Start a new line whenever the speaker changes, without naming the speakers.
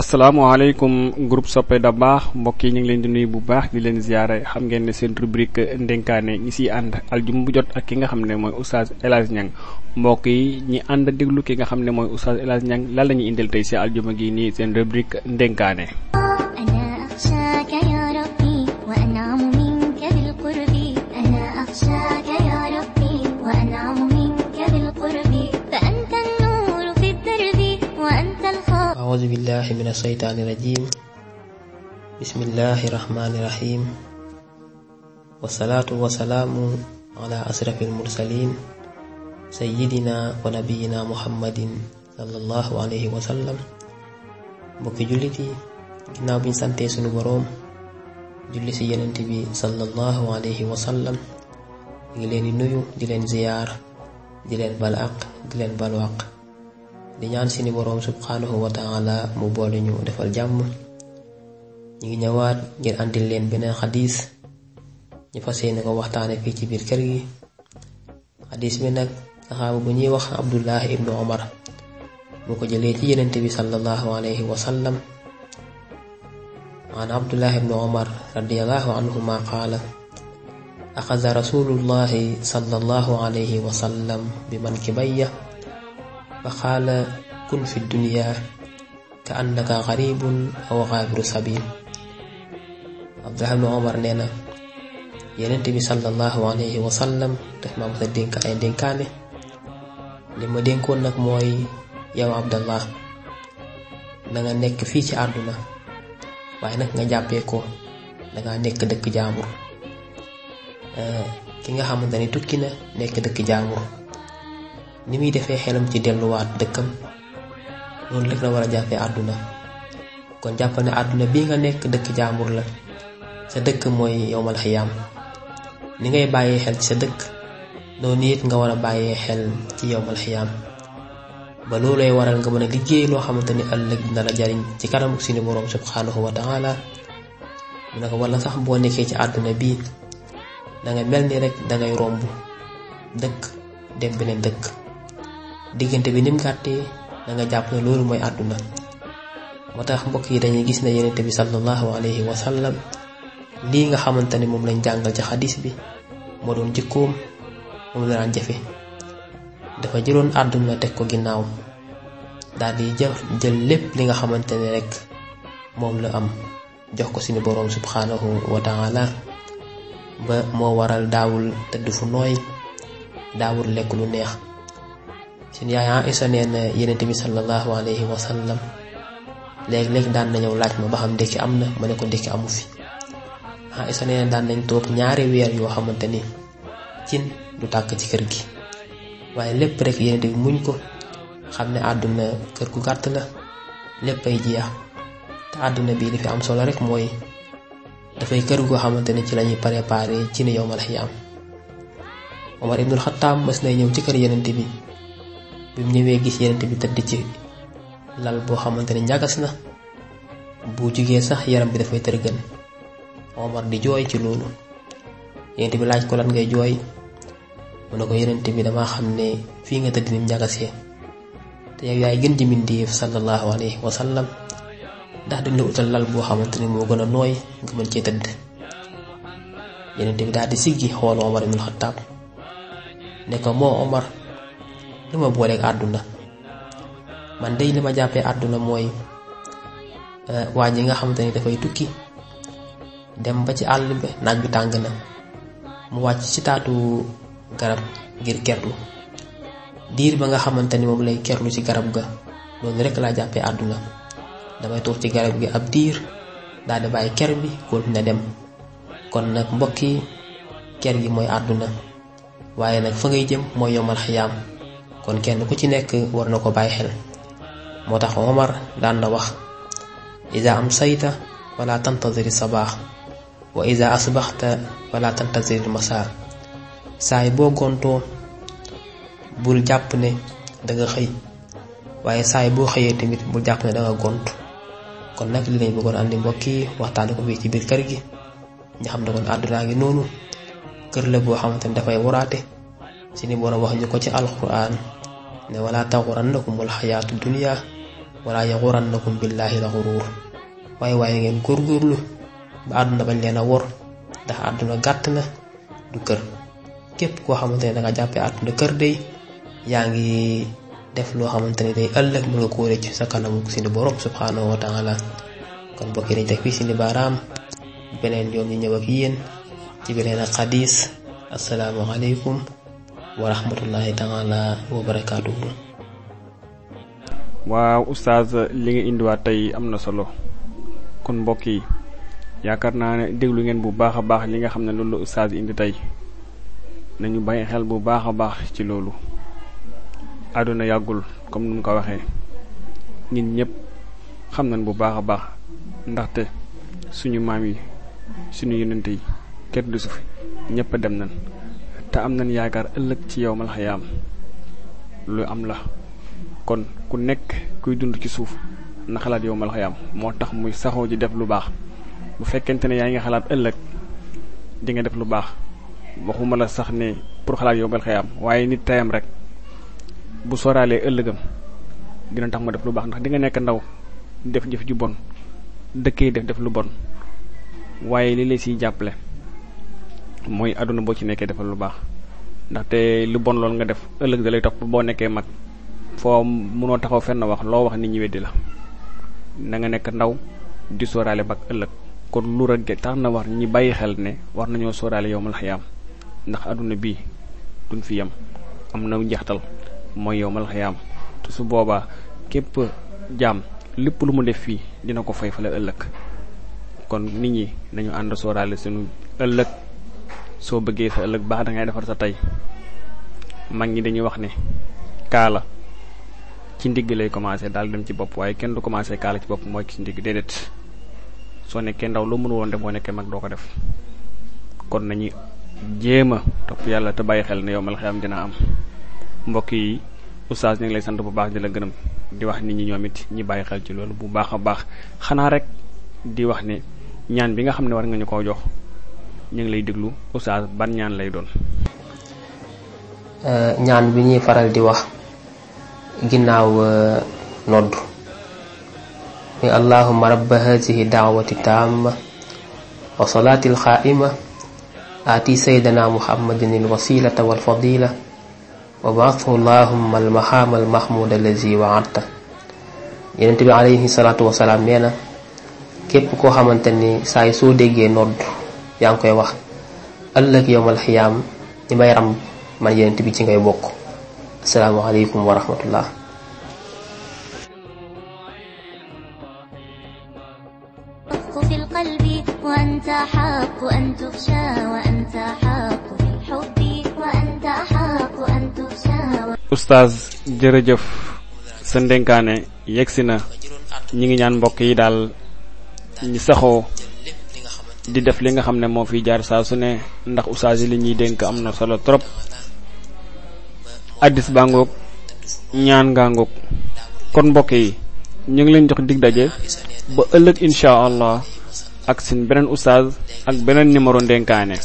asalaamaaleykum groupe soppe da baax mbokk yi ñu ngi leen di nuyu bu baax di leen ziare xam ngeen ne seen rubrique ndénkaane ñi siy ànd aljum bu jot ak ki nga xam ne mooy oustaz El Hadj mbokk yi ñi ànd déglu ki nga xam ne mooy oustaz El Hadj Niang lan la ñuy indil tey si aljuma gi nii seen rubrique ndénkaane
أعوذ بالله من الشيطان الرجيم بسم الله الرحمن الرحيم والصلاة والسلام على أشرف المرسلين سيدنا ونبينا محمد صلى الله عليه وسلم mbokki jullit yi ginnaaw bi sante santee sunu boroom julli ci yonent bi sallallahu alayhi wa ngi leen nuyu di leen ziyaar di leen bal di leen balu di ñaan suñu boroom subxanahu wa taala mu boole ñu defal jàmm ñu ngi ñëwaat ngir àndil leen beneen xadis ñu fas yéene ko waxtaane fii ci biir kër gi xadis bi nag saxaaba bu ñuy wax Abdullahi ibnu Omar mu ko jëlee ci yenente bi sallallahu alayhi wa sallam an Abdullahi ibnu Omar radiallahu anhuma qaala axada rasulullahi sallallahu alayhi wa bi man kibaya fa qaala kun fi duniyaa ka annaka xaribun aw xaabiru sabil Abdullah ibn Omar nee na yenent bi sallallahu alayhi wa sallam ma masa dénk ay dénkaane li ma dénkoon nag mooy yow Abdallah na nga nekk fii ci àdduna waaye nag nga jàppee ko dangaa nekk dëkk jaamur eh, ki nga xamante ni tukki na nekk dëkk jaamur ni muy defee xelam ci delluwaat dëkkam noonu rek la war a jàppee àdduna kon jàppal ne àdduna bii nga nekk dëkk jaambur la sa dëkk mooy yowmal xiyaam ni ngay bàyyee xel ci sa dëkk noonu it nga war a bàyyee xel ci yowmal xiyaam ba loolu loolay waral nga mën a liggéey loo xamante ni ëllëg dina la jariñ ci kanamu suñu boroom subxanahu wa ta'ala mu ne ko wala sax boo nekkee ci àdduna bii da mel ni rek dangay romb dëkk dem beneen dëkk. diggante bi nim gàttee na nga jàpp loolu mooy àdduna moo tax mbokk yi dañuy gis ne yenente bi sallallahu alayhi wa sallam lii nga xamante ne moom lañ jàngal ci xadis bi moo doon jikkoom moom la daan jëfe dafa jëloon àdduna teg ko ginnaaw daal di jël lépp li nga xamante ne rek moom la am jox ko suñu boroom subxanahu wa taala ba moo waral daawul tëdd fu nooy daawul lekk lu neex. seen yaay Aïsa nee na yenent bi sallallahu alayhi wa sallam léeg-léeg daan na ñëw laaj ma ba xam ndékki am na ma ne ko ndékki amu fi Aïsa daan nañ toog ñaari weer yoo xamante ni cin du tàkk ci kër gi waaye lépp rek yenent muñ ko xam ne àdduna kër gu gàtt la lépp ay jeex te àdduna bii li am solo rek mooy dafay kër goo xamante ni ci lañuy préparé ci ne yow ma la am Omar ibnul Xattaab mas nay ñëw ci kër yenent bi bi mu ñëwee gis yenent bi tëdd ci lal boo xamante ni ñagas na bu jugee sax yaram bi dafay tërgën Omar di jooy ci loolu yenent bi laaj ko lan ngay jooy mu ne ko yenent bi dama xam ne fii nga tëdd nim ñagasee te yow yaay gën ji mbindéef sallallahu alayhi wa sallam ndax dañ la utal lal boo xamante ni moo gën a nooy nga mën cee tëdd yenent bi daal di siggi xool Omar ibnul Xattaab ne moo Omar lu ma booleeg àdduna man day li ma jàppee àdduna mooy euh, waa ji nga xamante ni dafay tukki dem ba ci àll bi naaj bi tàng na mu wàcc ci taatu garab ngir kerlu diir ba nga xamante ni moom lay kerlu ci garab ga loolu rekk laa jàppee àdduna damay toog ci garab gi ab diir daal di bàyyi ker bi continué dem kon nag mbokk yi ker gi mooy àdduna waaye nag fa ngay jëm mooy yomal xiyaam kon kenn ku ci nekk war na ko bàyyi xel moo tax Omar daan na wax ida am sayta wala tantaziri sabaax wa ida asbaxta wala tantaziri masaa saay boo gontoo bul jàpp ne danga xëy waaye saay boo xëyee tamit bul jàpp ne danga gont kon nag li lañ bëggoon andi mbokk yi waxtaane ko fii ci biir kër gi ñu xam ne kon àddunaa ngi noonu kër la boo xamante ne dafay waraate suñu boroom wax ñu ko ci alquran ne wala taxurannakum alxayaatu dunia wala yaxurannakum billaahi la xuruur waaye waaye ngeen góorgóorlu ba àdduna bañ leen a wor ndax àdduna gàtt na du kër képp koo xamante ne danga jàppee àdduna kër day yaa ngi def loo xamante ne day ëllëg mën nga koo rëcc sa kanamu suñu borom subhanahu wa taala kon mbokk yi dañ teg fii suñu baaraam beneen yoon ñu ñëw ak yéen ci beneen ak xadiis asalaamaaleykum wa rahmatullahi taala wa barakaatuhu
waaw oustaz li nga indiwaat tey am na solo kon mbokk yi yaakaar naa ne déglu ngeen bu baax a baax li nga xam ne loolu la oustaz indi tey nañu bay xel bu baax a baax ci loolu àdduna yàggul comme ni mu ko waxee nit ñëpp xam nañ bu baax a baax ndaxte suñu maam yi suñu yonente yi kenn du suuf ñëpp dem nañ te am nañ yaakaar ëllëg ci yow mal xayaam lu am la kon ku nekk kuy dund ci suuf na xalaat yow mal xayaam moo tax muy saxoo ji def lu baax bu fekkente ne yaa ngi xalaat ëllëg dinga def lu baax waxuma la sax ne pour xalaat yow mal xayaam waaye nit tayam rek bu soraalee ëllëgam dina tax mu def lu baax ndax di nga nekk ndaw def jëf ju bon dëkkee def def lu bon waaye li lay siy jàppale mooy àdduna boo ci nekkee defal lu baax ndaxte lu bon loolu nga def ëllëg da lay topp boo nekkee mag foo mënoo taxaw fenn wax loo wax nit ñi weddi la na nga nekk ndaw di sóoraale bak ëllëg kon lu rek tax na war ñi bàyyi xel ne war nañoo sóoraale yowmal xiyaam ndax àdduna bii duñ fi yem am na njeextal mooy yowmal xiyaam te su boobaa képp jaam lépp lu mu def fii dina ko fay fale ëllëg kon nit ñi nañu ànd sóoraale suñu ëllëg soo bëggee sa ëllëg baax da ngay defar sa tey mag ñi dañuy wax ne kaala ci ndigg lay commencé daal dem ci bopp waaye kenn du commencé kaala ci bopp mooy ci ndigg déedéet soo nekkee ndaw loo mënu woon def boo nekkee mag doo ko def kon nañu jéem a topp yàlla te bàyyi xel ne yow mal xeyam dina am mbokk yi oustaz ñu lay sant bu baax di la gërëm di wax nit ñi ñoom it ñi bàyyi xel ci loolu bu baax a baax xanaa rek di wax ne ñaan bi nga xam ne war nga ñu koo jox ñu ngi lay déglu ban ñaan lay doon.
Euh, bi ñuy faral di wax ginnaaw euh, nodd muy allahuma rabba hadihi daawati taama wa salaati alxaaima aati saydana muhammadin alwasilata walfadila wa baathu allahuma almahaama almahmud allazi waatta yenent bi alayhi salaatu wasalaam nee na képp koo xamante ni saay soo déggee nodd yaa ngi koy wax ëllëg yowmal xiyaam ñi may ram man yenent bi ci ngay bokk asalaamaaleykum wa rahmatullah في
jërëjëf sa ndénkaane yegsi na ñi ngi ñaan mbokk yi daal ñi saxoo di def li nga xam ne moo fi jaar saa su ne ndax ustaas yi li ñuy dénk am na solo trop addis bàngook ñaan ngaa ngoog kon mbokk yi ñu ngi leen jox dig daje ba ëllëg incha allah ak seen beneen ustaas ak beneen numéro ndénkaane